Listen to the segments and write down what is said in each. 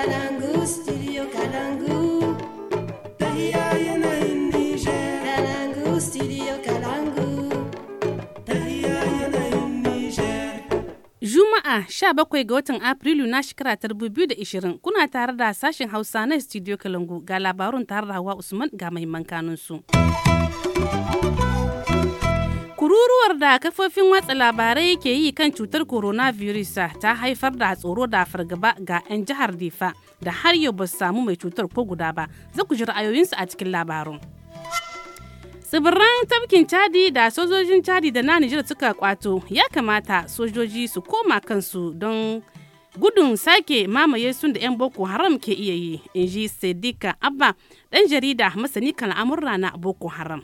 Kalangu, sha bakwai Juma'a 17 ga watan Afrilu na shekara ta 2020 kuna tare da sashen Hausa na studio Kalangu ga labarun tare da Hawa Usman ga mahimman kanunsu. Ruruwar da kafofin watsa labarai ke yi kan cutar coronavirus ta haifar da tsoro da fargaba ga 'yan jihar Difa da har yau ba samu mai cutar ko guda ba. Za ku ji ra'ayoyinsu a cikin labarun. Tsibiran tafkin Chadi da sojojin Chadi da na Nijar suka kwato ya kamata sojoji su koma kansu don gudun sake mamaye sun da 'yan boko haram ke iya yi in ji abba dan jarida masani kan al'amurra na boko haram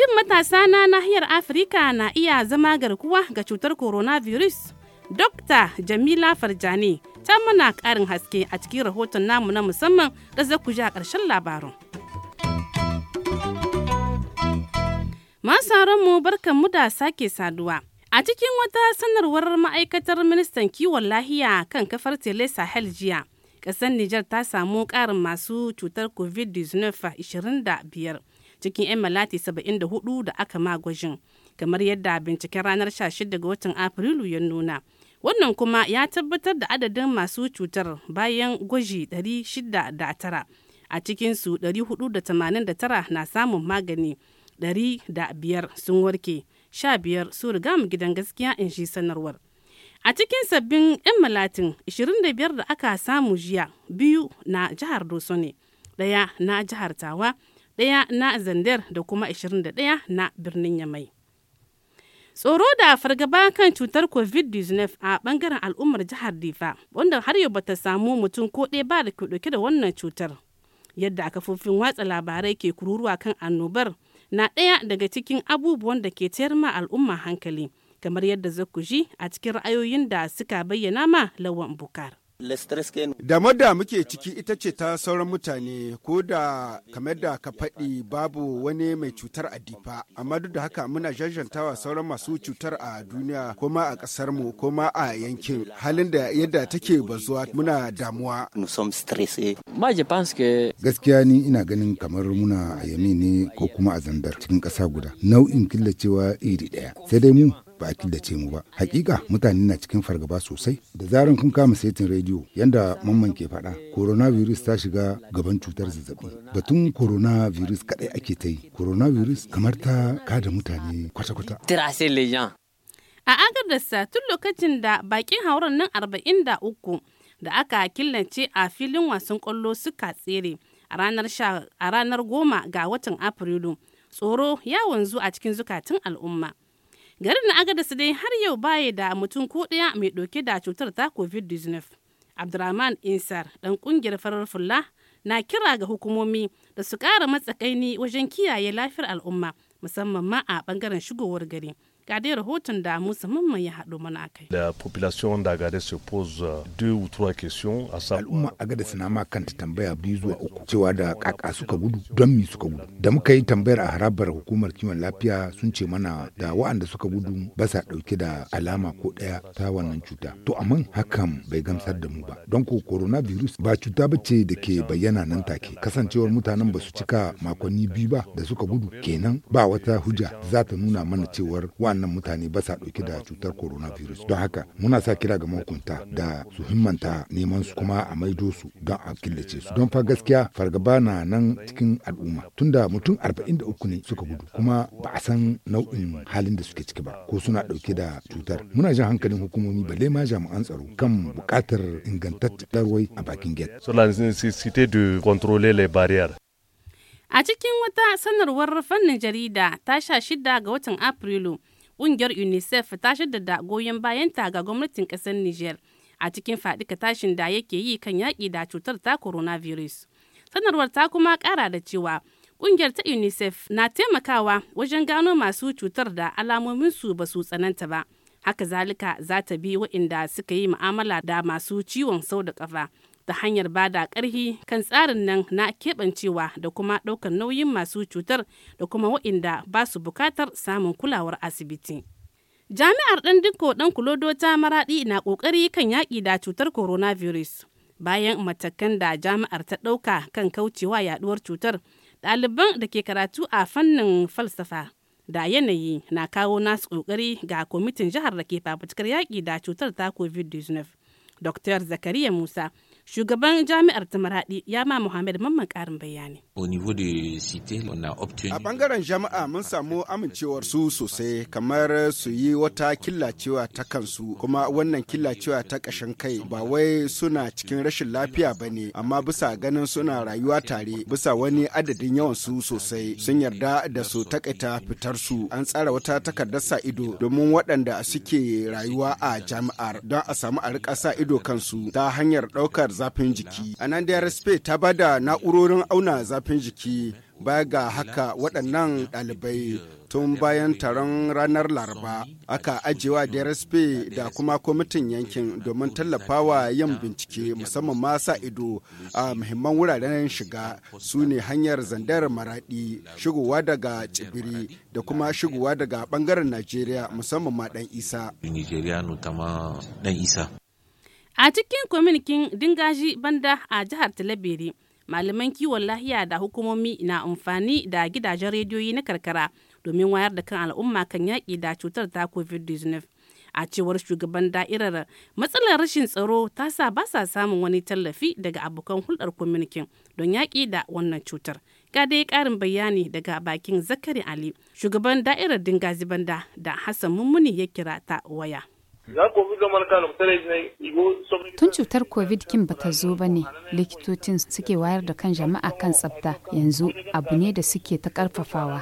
Shin matasa na nahiyar Afirka na iya zama garkuwa ga cutar coronavirus? Dokta Jamila Farjani ta muna ƙarin haske a cikin rahoton namu na musamman da za ku ji a ƙarshen labarin. Masaranmu barkan mu da sake saduwa. A cikin wata sanarwar ma'aikatar ministan kiwon lahiya kan kafar Tele Sahel jiya, ƙasar Nijar ta samu ƙarin masu cutar COVID-19 25. cikin 'yan malati 74 da aka ma gwajin kamar yadda binciken ranar 16 ga watan afrilu ya nuna wannan kuma ya tabbatar da adadin masu cutar bayan gwaji 609 a cikinsu 489 na samun magani 105 sun warke 15 su riga mu gidan gaskiya in shi sanarwar a cikin sabbin 'yan malatin 25 da aka samu jiya biyu na jihar doso ɗaya na jihar tawa daya na zandar da kuma 21 na birnin yamai tsoro da fargaba kan cutar covid-19 a bangaren al'ummar jihar difa wanda har yau bata samu mutum ko ɗaya ba da ke da wannan cutar yadda kafofin watsa labarai ke kururuwa kan annobar na ɗaya daga cikin abubuwan da ke tayar ma al'umma hankali kamar yadda zakuji a cikin ra'ayoyin da suka bayyana ma lawan bukar Damar da muke ciki ita ce ta sauran mutane ko da kamar da ka faɗi babu wani mai cutar adifa amma duk da haka muna jajantawa sauran masu cutar a duniya ko ma a ƙasar mu ko ma a yankin halin da yadda take bazuwa muna damuwa. Gaskiya ni ina ganin kamar muna a yami ne ko kuma a zandar cikin ƙasa guda nau'in killacewa iri ɗaya sai dai mu ba a killace mu ba hakika mutane na cikin fargaba sosai da zaran kun kama setin rediyo yanda mamman ke faɗa coronavirus ta shiga gaban cutar zazzabi batun coronavirus kadai ake ta yi coronavirus kamar ta kada mutane kwata-kwata a sa tun lokacin da bakin hauren nan 43 da aka killace a filin wasan kwallo suka tsere a ranar goma ga watan afrilu tsoro ya wanzu a cikin zukatun al'umma garin na agadas dai har yau baya da mutum ko ɗaya mai ɗauke da cutar ta covid-19 abdurrahman insar ɗan ƙungiyar farar fulla na kira ga hukumomi da su ƙara matsakaini wajen kiyaye lafiyar al'umma musamman ma a ɓangaren shigowar gari ga dai rahoton da Musa Mamman ya haɗo mana kai. La population d'Agadez se pose euh, deux ou trois questions à sa al'umma gada suna ma kanta tambaya biyu zuwa uku cewa da kaka suka gudu don mi suka gudu. Da muka yi tambayar a harabar hukumar kiwon lafiya sun ce mana da wa'anda suka gudu ba sa ɗauke da alama ko ɗaya ta wannan cuta. To amma hakan bai gamsar da mu ba. Don ko virus ba cuta ba ce da ke bayyana nan take. Kasancewar mutanen ba su cika makonni biyu ba da suka gudu kenan ba wata hujja za ta nuna mana cewar wa'anda waɗannan mutane ba sa ɗauki da cutar coronavirus don haka muna sa kira ga mahukunta da su himmanta neman su kuma a maido su don a killace su don fa gaskiya fargaba na nan cikin al'umma tunda mutum arba'in 43 ne suka gudu kuma ba a san nau'in halin da suke ciki ba ko suna ɗauke da cutar muna jin hankalin hukumomi ba ma jami'an tsaro kan buƙatar ingantaccen wai a bakin gate. Sur la nécessité de contrôler les barrières. A cikin wata sanarwar fannin jarida ta sha shida ga watan Afrilu, Ƙungiyar UNICEF ta shaddada goyon bayanta ga gwamnatin ƙasar Niger a cikin faɗika tashin da yake yi kan yaƙi da cutar ta coronavirus. Sanarwar ta kuma ƙara da cewa ƙungiyar ta UNICEF na taimakawa wajen gano masu cutar da alamominsu ba su tsananta ba. haka zalika za ta bi waɗanda suka yi mu'amala da masu ciwon sau da ƙafa ta hanyar ba da ƙarhi kan tsarin nan na keɓancewa da kuma ɗaukar nauyin masu cutar da kuma waɗanda ba su buƙatar samun kulawar asibiti. Jami'ar ɗan dinko ɗan kulodo ta maraɗi na ƙoƙari kan yaƙi da cutar coronavirus. Bayan matakan da jami'ar ta ɗauka kan kaucewa yaɗuwar cutar, ɗaliban da ke karatu a fannin falsafa da yanayi na kawo nasu ƙoƙari ga kwamitin jihar da ke fafutukar yaƙi da cutar ta covid-19. Dr. Zakariya Musa Shugaban jami'ar ta Maradi ya ma Muhammad Mamman karin bayani. A bangaren jama'a mun samu amincewar su sosai kamar su yi wata killacewa ta kansu kuma wannan killacewa ta ƙashin kai ba wai suna cikin rashin lafiya ba ne amma bisa ganin suna rayuwa tare bisa wani adadin yawan su sosai sun yarda da su takaita fitar su an tsara wata takardar sa ido domin waɗanda suke rayuwa a jami'ar don a samu a rika sa ido kansu ta hanyar ɗaukar zafin jiki. Anandiyar Spain ta bada na'urorin auna zafin jiki baya ga haka waɗannan ɗalibai tun bayan taron ranar laraba aka ajiyewa dsp da kuma kwamitin yankin domin tallafawa yin bincike musamman ma sa ido a muhimman wuraren shiga su ne hanyar zandar maraɗi, shigowa daga tsibiri da kuma shigowa daga bangaren najeriya musamman ma dan isa A cikin kwaminikin Dingaji Banda a jihar Talabere, malaman kiwon lahiya da hukumomi na amfani da gidajen rediyoyi na karkara domin wayar da kan al'umma kan yaƙi da cutar ta COVID-19. A cewar shugaban da'irar matsalar rashin tsaro ta sa ba sa samun wani tallafi daga abokan hulɗar kwaminikin don yaƙi da wannan cutar. Ga dai ƙarin bayani daga bakin Zakari Ali, shugaban da'irar Dingazi Banda da Hassan Mummuni ya kira ta waya. Tun cutar COVID kin bata zo ba ne likitocin suke wayar da kan jama'a kan tsafta yanzu abu ne da suke ta karfafawa.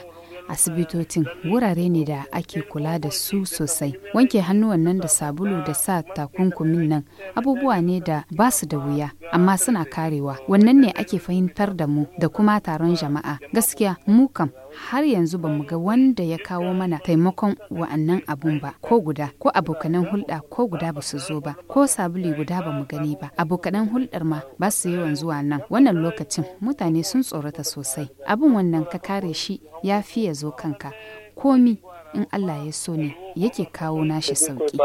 asibitocin wurare ne da ake kula da su sosai wanke hannuwan nan da sabulu da sa takunkumin nan abubuwa ne da ba su da wuya amma suna karewa wannan ne ake fahimtar da mu da kuma taron jama'a gaskiya mu kam har yanzu ba mu ga wanda ya kawo mana taimakon wa'annan abun ba ko guda ko abokanan hulɗa ko guda ba su zo ba ko sabuli guda ba mu gani ba abokanan hulɗar ma ba su yawan zuwa nan wannan lokacin mutane sun tsorata sosai abin wannan ka kare shi ya fi ya zo kanka komi in Allah ya so ne yake kawo nashi sauki.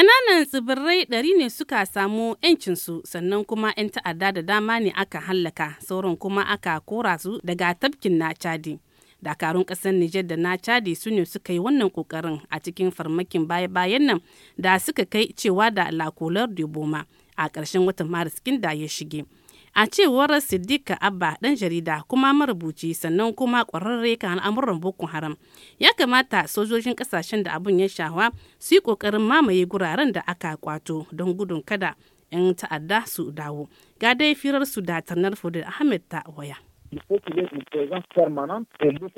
Ƙananan tsibirai ɗari ne suka samu 'yancinsu sannan kuma 'yan ta'adda da dama ne aka hallaka sauran kuma aka kora su daga tafkin na Chadi. Dakarun ƙasar Nijar da na Chadi su ne suka yi wannan ƙoƙarin a cikin farmakin baya-bayan nan da suka kai cewa da lakular Diboma a ƙarshen watan Maris da ya shige. a cewar siddika abba dan jarida kuma marubuci sannan kuma kwararre kan al'amuran boko haram ya kamata sojojin kasashen da abun ya shawa su yi kokarin mamaye guraren da aka kwato don gudun kada 'yan ta'adda su dawo ga dai firar su da tarnar ahmed ta waya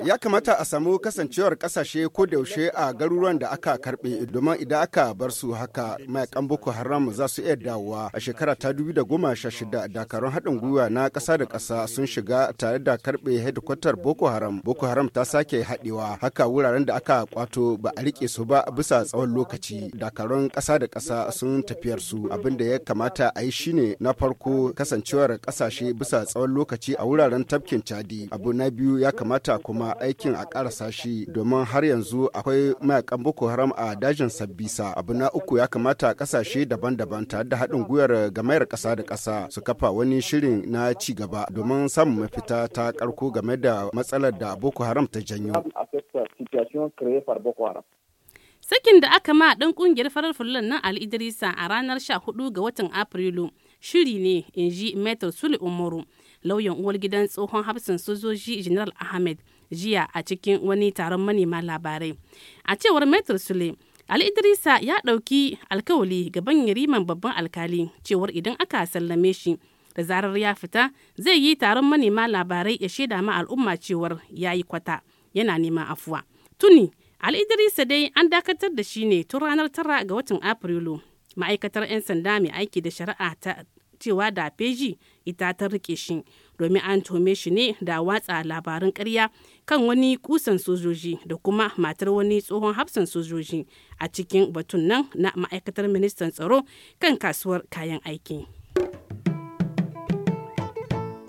Ya kamata a samu kasancewar kasashe ko da yaushe a garuruwan da aka karbe domin idan aka bar su haka mayakan Boko Haram za su iya dawowa. A shekara ta shida dakarun haɗin gwiwa na ƙasa da ƙasa sun shiga tare da karbe hedikwatar Boko Haram. Boko Haram ta sake haɗewa haka wuraren da aka kwato ba a rike su ba bisa tsawon lokaci. Dakarun ƙasa da ƙasa sun tafiyar su abin da ya kamata a yi shine na farko kasancewar ƙasashe bisa tsawon lokaci a wuraren tafi. tafkin Chadi. Abu na biyu ya kamata kuma aikin a karasa shi domin har yanzu akwai mayakan Boko Haram a dajin Sabbisa. Abu na uku ya kamata kasashe daban-daban tare da haɗin gwiwar gamayar kasa da ƙasa su kafa wani shirin na ci gaba domin samun mafita ta karko game da matsalar da Boko Haram ta janyo. Sakin da aka ma ɗan ƙungiyar farar fulan nan Ali Idrisa a ranar 14 ga watan Afrilu shiri ne inji ji Sule Umaru lauyan uwar gidan tsohon hafsan sojoji general ahmed jiya a cikin wani taron manema labarai a cewar metro sule ali idrisa ya ɗauki alkawali gaban yariman babban alkali cewar idan aka sallame shi da zarar ya fita zai yi taron manema labarai ya shaida ma al'umma cewar ya yi kwata yana neman afuwa tuni ali idrisa dai an dakatar da shi ne tun ranar tara ga watan afrilu ma'aikatar 'yan sanda mai aiki da shari'a ta cewa da feji ita ta rike shi domin an tome shi ne da watsa labarun karya kan wani kusan sojoji da kuma matar wani tsohon hafsan sojoji a cikin batun nan na ma'aikatar ministan tsaro kan kasuwar kayan aiki.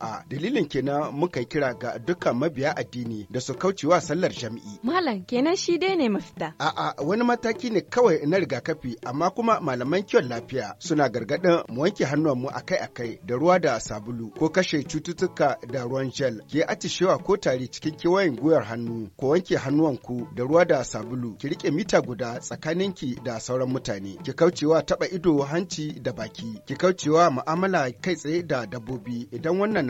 jama'a dalilin kenan muka kira ga dukkan mabiya addini da su kaucewa sallar Jami'i. Malam kenan shi dai ne mafita. A'a wani mataki ne kawai na rigakafi amma kuma malaman kiwon lafiya suna gargadin mu wanke mu akai-akai da ruwa da sabulu ko kashe cututtuka da ruwan gel ke atishewa ko tari cikin kewayen gwiwar hannu ko wanke hannuwanku da ruwa da sabulu ki rike mita guda tsakaninki da sauran mutane ki kaucewa taba ido hanci da baki ki kaucewa mu'amala kai tsaye da dabbobi idan wannan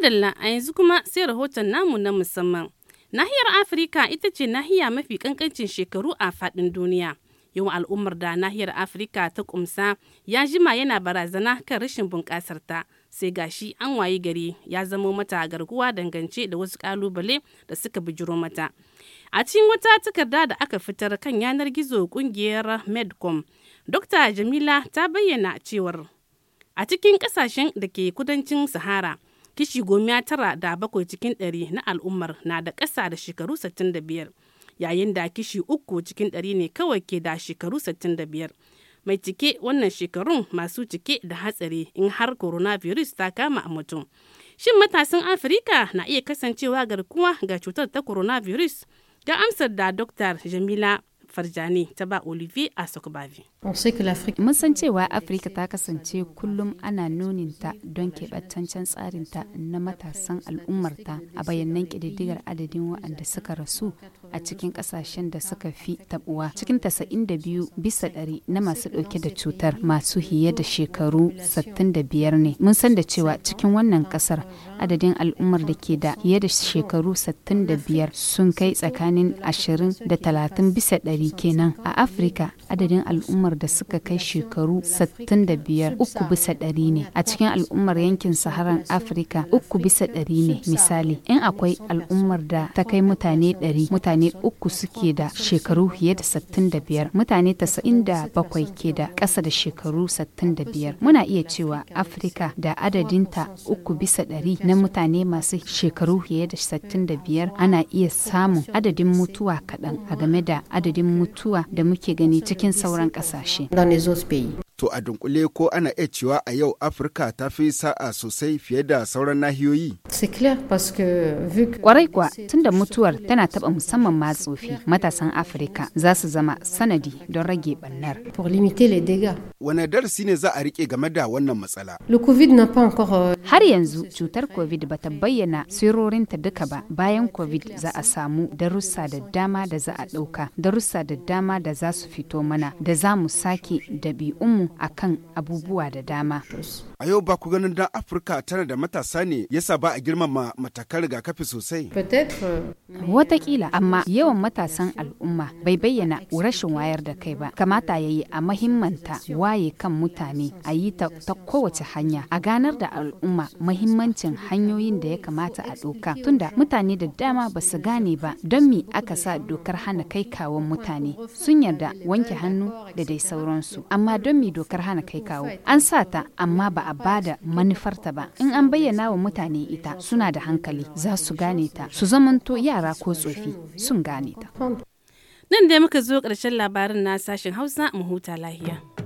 Madalla a yanzu kuma sai rahoton namu na musamman. Nahiyar Afirka ita ce nahiya mafi kankancin shekaru a fadin duniya. Yawan al'ummar da nahiyar Afirka ta kumsa ya jima yana barazana kan rashin bunƙasar Sai gashi an wayi gari ya zamo mata garkuwa dangance da wasu kalubale da suka bijiro mata. A cikin wata takarda da aka fitar kan yanar gizo kungiyar Medcom, Dr. Jamila ta bayyana cewar a cikin kasashen da ke kudancin Sahara, kishi goma tara da bakwai cikin ɗari na al'ummar na da ƙasa da shekaru da biyar yayin da kishi uku cikin ɗari ne kawai ke da shekaru da biyar mai cike wannan shekarun masu cike da hatsari in har coronavirus ta kama mutum shin matasan afirka na iya kasancewa garkuwa ga cutar ta coronavirus ga amsar da dr jamila farjani ta ba olivier asokubavi mun san cewa afirka ta kasance kullum ana nuninta don keɓantaccen tsarinta na matasan al'ummarta a bayanan ƙididdigar adadin waɗanda suka rasu a cikin ƙasashen da suka fi tabuwa cikin tasa'in da biyu bisa ɗari na masu ɗauke da cutar masu hiye da shekaru 65 ne mun san da cewa cikin wannan ƙasar adadin al'ummar da ke da fiye da shekaru 65 sun kai tsakanin 20 da 30 bisa dari kenan. A Afirka adadin al'ummar da suka kai shekaru 65 uku bisa dari ne. A cikin al'ummar yankin Saharan Afirka uku bisa dari ne misali. In akwai al'ummar da ta kai mutane 100 mutane uku suke da shekaru fiye da 65 mutane 97 ke da ƙasa da shekaru 65 muna iya cewa afirka da adadinta uku bisa dari. na mutane masu shekaru fiye da 65 ana iya samun adadin mutuwa kaɗan a game da adadin mutuwa da muke gani cikin sauran ƙasashe. To a dunkule ko ana iya cewa a yau Afirka ta fi sa'a sosai fiye da sauran nahiyoyi? Kwarai kuwa da mutuwar tana taɓa musamman ma tsofi matasan Afirka za su zama sanadi don rage bannar. Wane darasi ne za a rike game da wannan matsala? Euh, Har yanzu cutar COVID ba ta bayyana sirorinta duka ba bayan COVID za a samu darussa da dama da za a ɗauka, darussa da dama da za su fito mana da za mu sake dabi'unmu a kan abubuwa da dama. A yau ba ku ganin dan Afirka tana da matasa ne yasa ba a girmama matakan rigakafi sosai. Euh, euh, wataƙila amma yawan matasan al'umma bai bayyana rashin wayar da kai ba. Kamata ya yi a mahimmanta waye kan mutane a yi ta kowace hanya a ganar da al'umma mahimmancin hanyoyin da ya kamata a doka. tunda mutane da dama ba su gane ba don mi aka sa dokar hana kai kawon mutane sun yarda wanke hannu da dai sauransu amma don mi dokar hana kai kawo an sa ta amma ba a bada manufarta ba in an bayyana wa mutane ita suna da hankali za su gane ta su zamanto yara ko tsofi sun gane ta nan dai muka zo ƙarshen labarin na sashen hausa mu huta lahiya